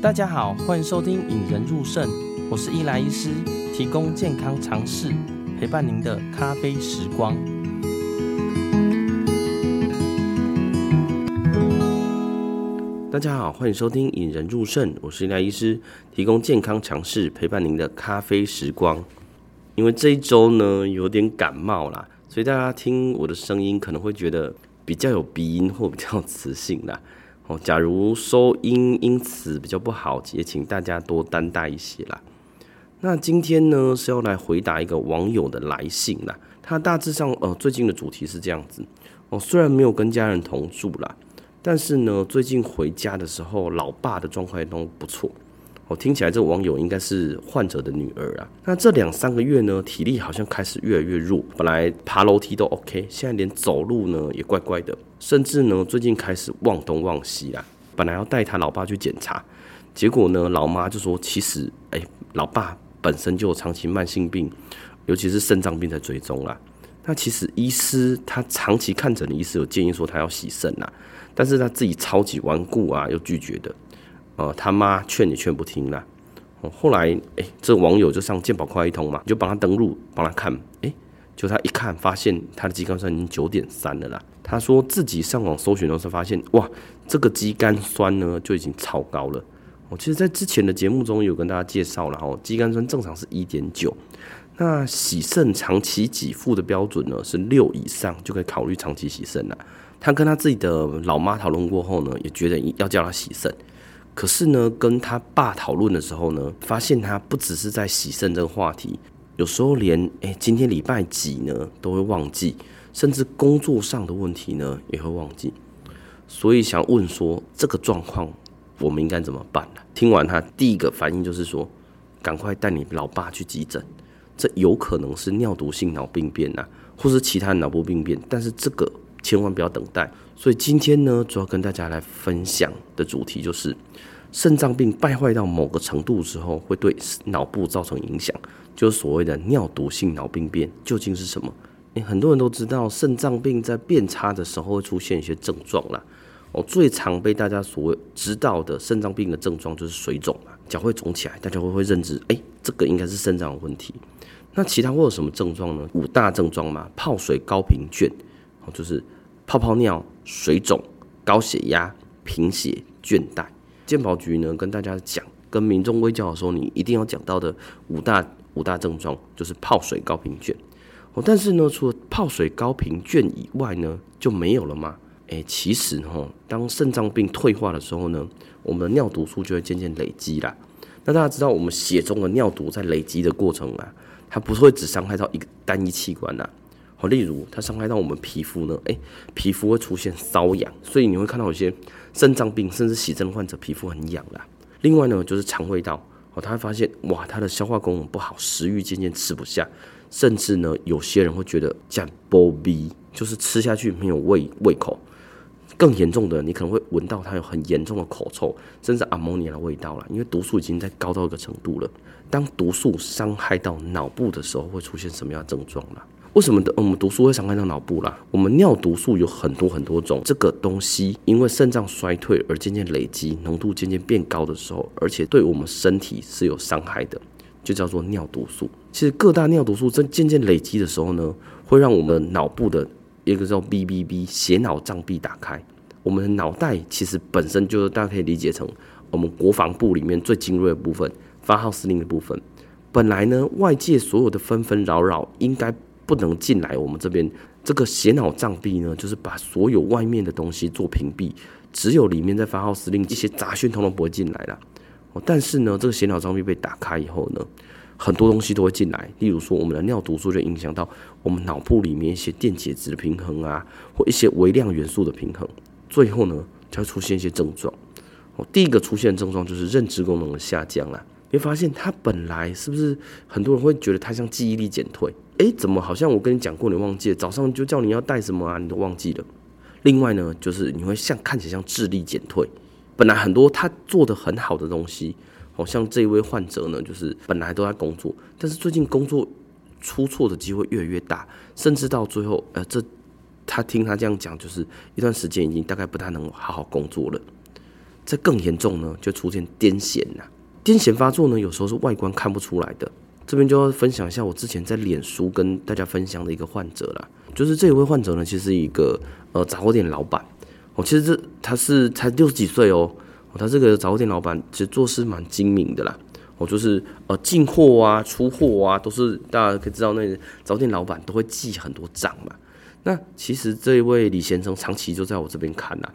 大家好，歡迎收聽《引人入腎》，我是伊萊醫師，提供健康常識，陪伴您的咖啡時光。大家好，歡迎收聽《引人入腎》，我是伊萊醫師，提供健康常識，陪伴您的咖啡時光。因為這一周呢有點感冒啦，所以大家聽我的聲音可能會覺得比較有鼻音或比較有磁性啦。哦，假如收音因此比較不好，也請大家多擔待一些啦。那今天呢是要來回答一個網友的來信啦。他大致上呃最近的主題是這樣子哦，雖然沒有跟家人同住啦，但是呢最近回家的時候，老爸的狀況也都不錯。我聽起來，這個網友應該是患者的女兒啊。那這兩三個月呢，體力好像開始越來越弱。本來爬樓梯都 OK，現在連走路呢也怪怪的。甚至呢，最近開始忘東忘西啊。本來要帶他老爸去檢查，結果呢，老媽就說，其實哎，老爸本身就有長期慢性病，尤其是腎臟病在追蹤啦。那其實醫師他長期看診的醫師有建議說他要洗腎啊，但是他自己超級頑固啊，又拒絕的。哦、呃，他媽勸也勸不聽了。哦，後來哎，這網友就上健保快易通嘛,就幫他登錄，幫他看。哎，就他一看，發現他的肌酐酸已經九點三了啦。他說自己上網搜尋的時候發現，哇，這個肌酐酸呢就已經超高了。我、哦、其實在之前的節目中有跟大家介紹了哦，肌酐酸正常是一點九，那洗腎長期給付的標準呢是六以上，就可以考慮長期洗腎了。他跟他自己的老媽討論過後呢，也覺得要叫他洗腎。可是呢，跟他爸討論的時候呢，發現他不只是在洗腎這個話題，有時候連哎今天禮拜幾呢都會忘記，甚至工作上的問題呢也會忘記。所以想問說這個狀況我們應該怎麼辦呢？聽完他第一個反應就是說，趕快帶你老爸去急診，這有可能是尿毒性腦病變啊，或是其他腦部病變，但是這個千萬不要等待。所以今天呢，主要跟大家來分享的主題就是。腎臟病敗壞到某個程度之後，會對腦部造成影響，就是所謂的尿毒性腦病變。究竟是什麼？欸、很多人都知道腎臟病在變差的時候會出現一些症狀啦。我、哦、最常被大家所知道的腎臟病的症狀就是水腫啦，腳會腫起來，大家會會認知，哎、欸，這個應該是腎臟有問題。那其他會有什麼症狀呢？五大症狀嘛：泡水、高貧倦，哦，就是泡泡尿、水腫、高血壓、貧血倦、倦怠。健保局呢，跟大家講，跟民眾衛教的時候，你一定要講到的五大五大症狀，就是泡水高貧倦。哦，但是呢，除了泡水高貧倦以外呢，就沒有了嗎？其實哈、哦，當腎臟病退化的時候呢，我們的尿毒素就會漸漸累積啦。那大家知道，我們血中的尿毒在累積的過程啊，它不會只傷害到一個單一器官吶、啊。好、哦，例如它傷害到我們皮膚呢，誒皮膚會出現瘙癢，所以你會看到有些。腎臟病甚至洗腎患者皮膚很癢啦。另外呢，就是腸胃道，哦，他會發現哇，他的消化功能不好，食欲漸漸吃不下，甚至呢，有些人會覺得像 b 逼，就是吃下去沒有胃胃口。更嚴重的，你可能會聞到他有很嚴重的口臭，甚至阿摩尼亞的味道了，因為毒素已經在高到一個程度了。當毒素傷害到腦部的時候，會出現什麼樣的症狀呢？為什麼的我們毒素會傷害到腦部啦，我們尿毒素有很多很多種，這個東西因為腎臟衰退而漸漸累積，濃度漸漸變高的時候，而且對我們身體是有傷害的，就叫做尿毒素。其實各大尿毒素在漸漸累積的時候呢，會讓我們腦部的一個叫 BBB 血腦障壁打開。我們的腦袋其實本身就是大家可以理解成我們國防部裡面最精銳的部分，發號施令的部分。本來呢，外界所有的紛紛擾擾應該。不能進來，我們這邊這個血腦障壁呢，就是把所有外面的東西做屏蔽，只有裡面在發號施令。這些雜訊、通通不會進來了，但是呢，這個血腦障壁被打開以後呢，很多東西都會進來。例如說，我們的尿毒素就影響到我們腦部裡面一些電解質的平衡啊，或一些微量元素的平衡，最後呢，才會出現一些症狀。哦，第一個出現的症狀就是認知功能的下降了。你會發現，它本來是不是很多人會覺得它像記憶力減退？哎，怎麼好像我跟你講過，你忘記了？早上就叫你要帶什麼啊，你都忘記了。另外呢，就是你會像看起來像智力減退，本來很多他做的很好的東西，好像這一位患者呢，就是本來都在工作，但是最近工作出錯的機會越來越大，甚至到最後，呃，這他聽他這樣講，就是一段時間已經大概不太能好好工作了。這更嚴重呢，就出現癲癇吶、啊。癲癇發作呢，有時候是外觀看不出來的。這邊就要分享一下我之前在臉書跟大家分享的一個患者了，就是這一位患者呢，其實是、呃哦，其實一個呃，雜貨店老闆，我其實這他是才六十幾歲哦，哦，他這個雜貨店老闆其實做事蠻精明的啦，我、哦、就是呃，進貨啊、出貨啊，都是大家可以知道那裡，那雜貨店老闆都會記很多賬嘛。那其實這一位李先生長期就在我這邊看吶、啊，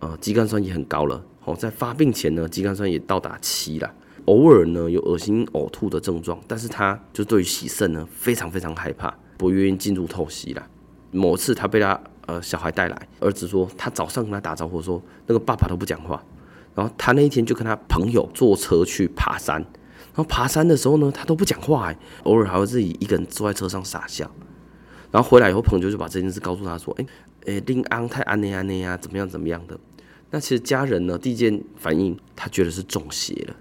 呃，肌酐酸也很高了，哦，在發病前呢，肌酐酸也到達七了。偶爾呢有噁心嘔吐的症狀，但是他就對於洗腎呢非常非常害怕，不願意進入透析了。某次他被他呃小孩帶來，兒子說他早上跟他打招呼說那個爸爸都不講話，然後他那一天就跟他朋友坐車去爬山，然後爬山的時候呢他都不講話，欸，偶爾還會自己一個人坐在車上傻笑。然後回來以後，朋友就把這件事告訴他說，哎，欸、哎，令、欸、安泰安內安內呀，怎麼樣怎麼樣的。那其實家人呢第一件反應，他覺得是中邪了。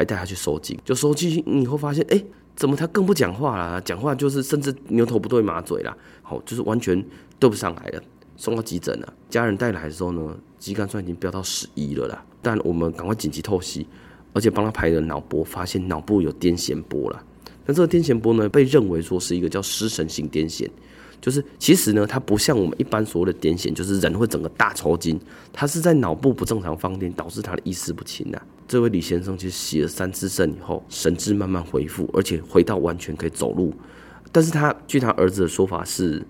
還帶他去收驚，就收驚你會發現，哎、欸，怎麼他更不講話了？講話就是甚至牛頭不對馬嘴了，好，就是完全對不上來了。送到急診了，家人帶來的時候呢，肌酐酸已經飆到十一了啦。但我們趕快緊急透析，而且幫他拍了腦波，發現腦部有癲癇波了。那這個癲癇波呢，被認為說是一個叫失神性癲癇。就是其實呢，他不像我們一般所謂的癲癇，就是人會整個大抽筋，他是在腦部不正常放電，導致他的意識不清的，啊。這位李先生其實洗了三次腎以後，神智慢慢恢復，而且回到完全可以走路。但是他據他兒子的說法是，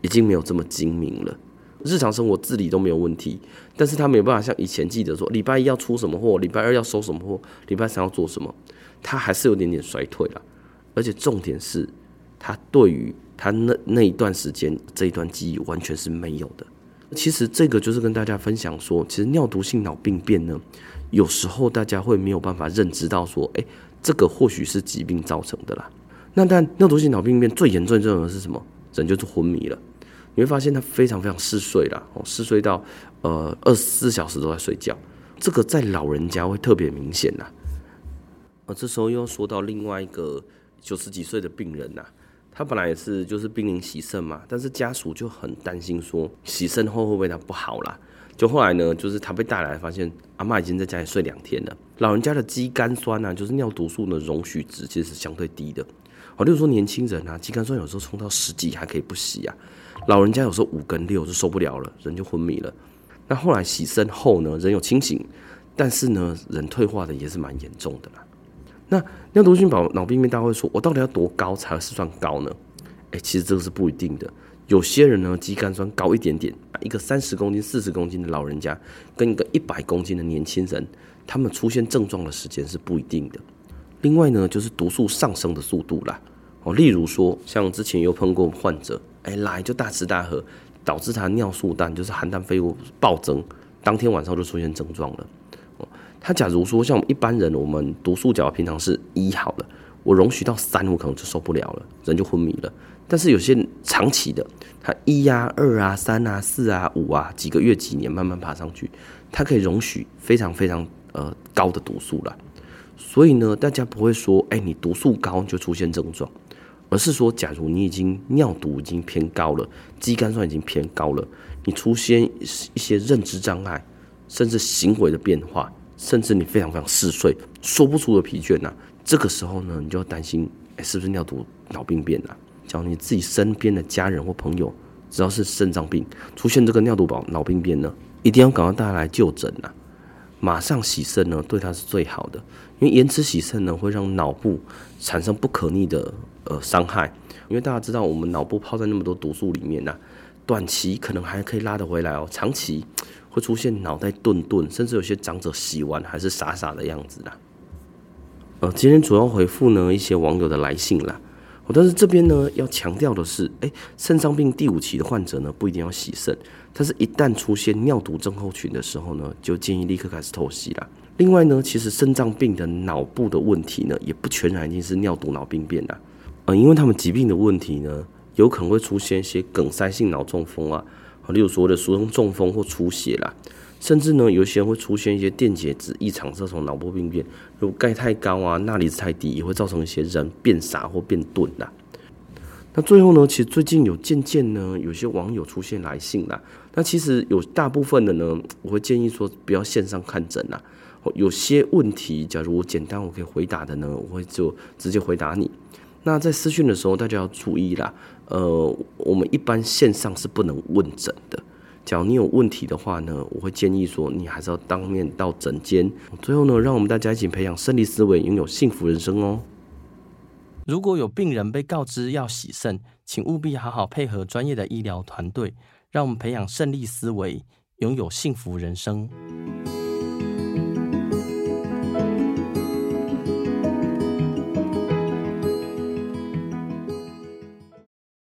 已經沒有這麼精明了，日常生活自理都沒有問題。但是他沒有辦法像以前記得說，禮拜一要出什麼貨，禮拜二要收什麼貨，禮拜三要做什麼，他還是有點點衰退了。而且重點是，他對於。他那那一段時間，這一段記憶完全是沒有的。其實這個就是跟大家分享說，其實尿毒性腦病變呢，有時候大家會沒有辦法認知到說，哎、欸，這個或許是疾病造成的啦。那但尿毒性腦病變最嚴重症狀是什麼？人就是昏迷了。你會發現他非常非常嗜睡啦，嗜睡到呃二十四小時都在睡覺。這個在老人家會特別明顯吶。啊、呃，這時候又說到另外一個九十幾歲的病人吶、啊。他本來也是就是瀕臨洗腎嘛，但是家屬就很擔心，說洗腎後會不會他不好啦？就後來呢，就是他被帶來發現，阿嬤已經在家裡睡兩天了。老人家的肌酐酸啊，就是尿毒素呢，容許值其實是相對低的。好，例如說年輕人啊，肌酐酸有時候衝到十幾還可以不洗啊，老人家有時候五跟六就受不了了，人就昏迷了。那後來洗腎後呢，人有清醒，但是呢，人退化的也是蠻嚴重的啦。那尿毒性腦病變，大家會說，我到底要多高才是算高呢？哎、欸，其實這個是不一定的。有些人呢，肌酐酸高一點點，一個三十公斤、四十公斤的老人家，跟一個一百公斤的年輕人，他們出現症狀的時間是不一定的。另外呢，就是毒素上升的速度啦。哦，例如說，像之前又碰過患者，哎、欸，來就大吃大喝，導致他尿素氮就是含氮廢物暴增，當天晚上就出現症狀了。他假如說像我們一般人，我們毒素角平常是一好了，我容許到三，我可能就受不了了，人就昏迷了。但是有些長期的，他一呀、二啊、三啊、四啊、五啊，啊，幾個月、幾年慢慢爬上去，他可以容許非常非常呃高的毒素了。所以呢，大家不會說，哎，你毒素高就出現症狀，而是說，假如你已經尿毒已經偏高了，肌酐酸已經偏高了，你出現一些認知障礙，甚至行為的變化。甚至你非常非常嗜睡，說不出的疲倦吶、啊。這個時候呢，你就要擔心、欸，是不是尿毒腦病變吶、啊？假如你自己身邊的家人或朋友，只要是腎臟病出現這個尿毒腦腦病變呢，一定要趕快帶他來就診啊！馬上洗腎呢，對他是最好的，因為延遲洗腎呢，會讓腦部產生不可逆的呃傷害。因為大家知道，我們腦部泡在那麼多毒素裡面吶、啊，短期可能還可以拉得回來哦、喔，長期。會出現腦袋鈍鈍，甚至有些長者洗完還是傻傻的樣子啦。呃，今天主要回復呢一些網友的來信啦。我但是這邊呢要強調的是，哎，腎臟病第五期的患者呢不一定要洗腎，但是一旦出現尿毒症候群的時候呢，就建議立刻開始透析啦。另外呢，其實腎臟病的腦部的問題呢，也不全然一定是尿毒腦病變啦。呃，因為他們疾病的問題呢，有可能會出現一些梗塞性腦中風啊。例如說的卒中、中風或出血啦，甚至呢，有些人會出現一些電解質異常，這種腦部病變，如鈣太高啊、鈉離子太低，也會造成一些人變傻或變鈍啦。那最後呢，其實最近有漸漸呢，有些網友出現來信啦。那其實有大部分的呢，我會建議說不要線上看診啦。有些問題，假如我簡單我可以回答的呢，我會就直接回答你。那在私訊的時候，大家要注意啦。呃，我們一般線上是不能問診的。假如你有問題的話呢，我會建議說，你還是要當面到診間。最後呢，讓我們大家一起培養腎利思維，擁有幸福人生哦。如果有病人被告知要洗腎，請務必好好配合專業的醫療團隊。讓我們培養腎利思維，擁有幸福人生。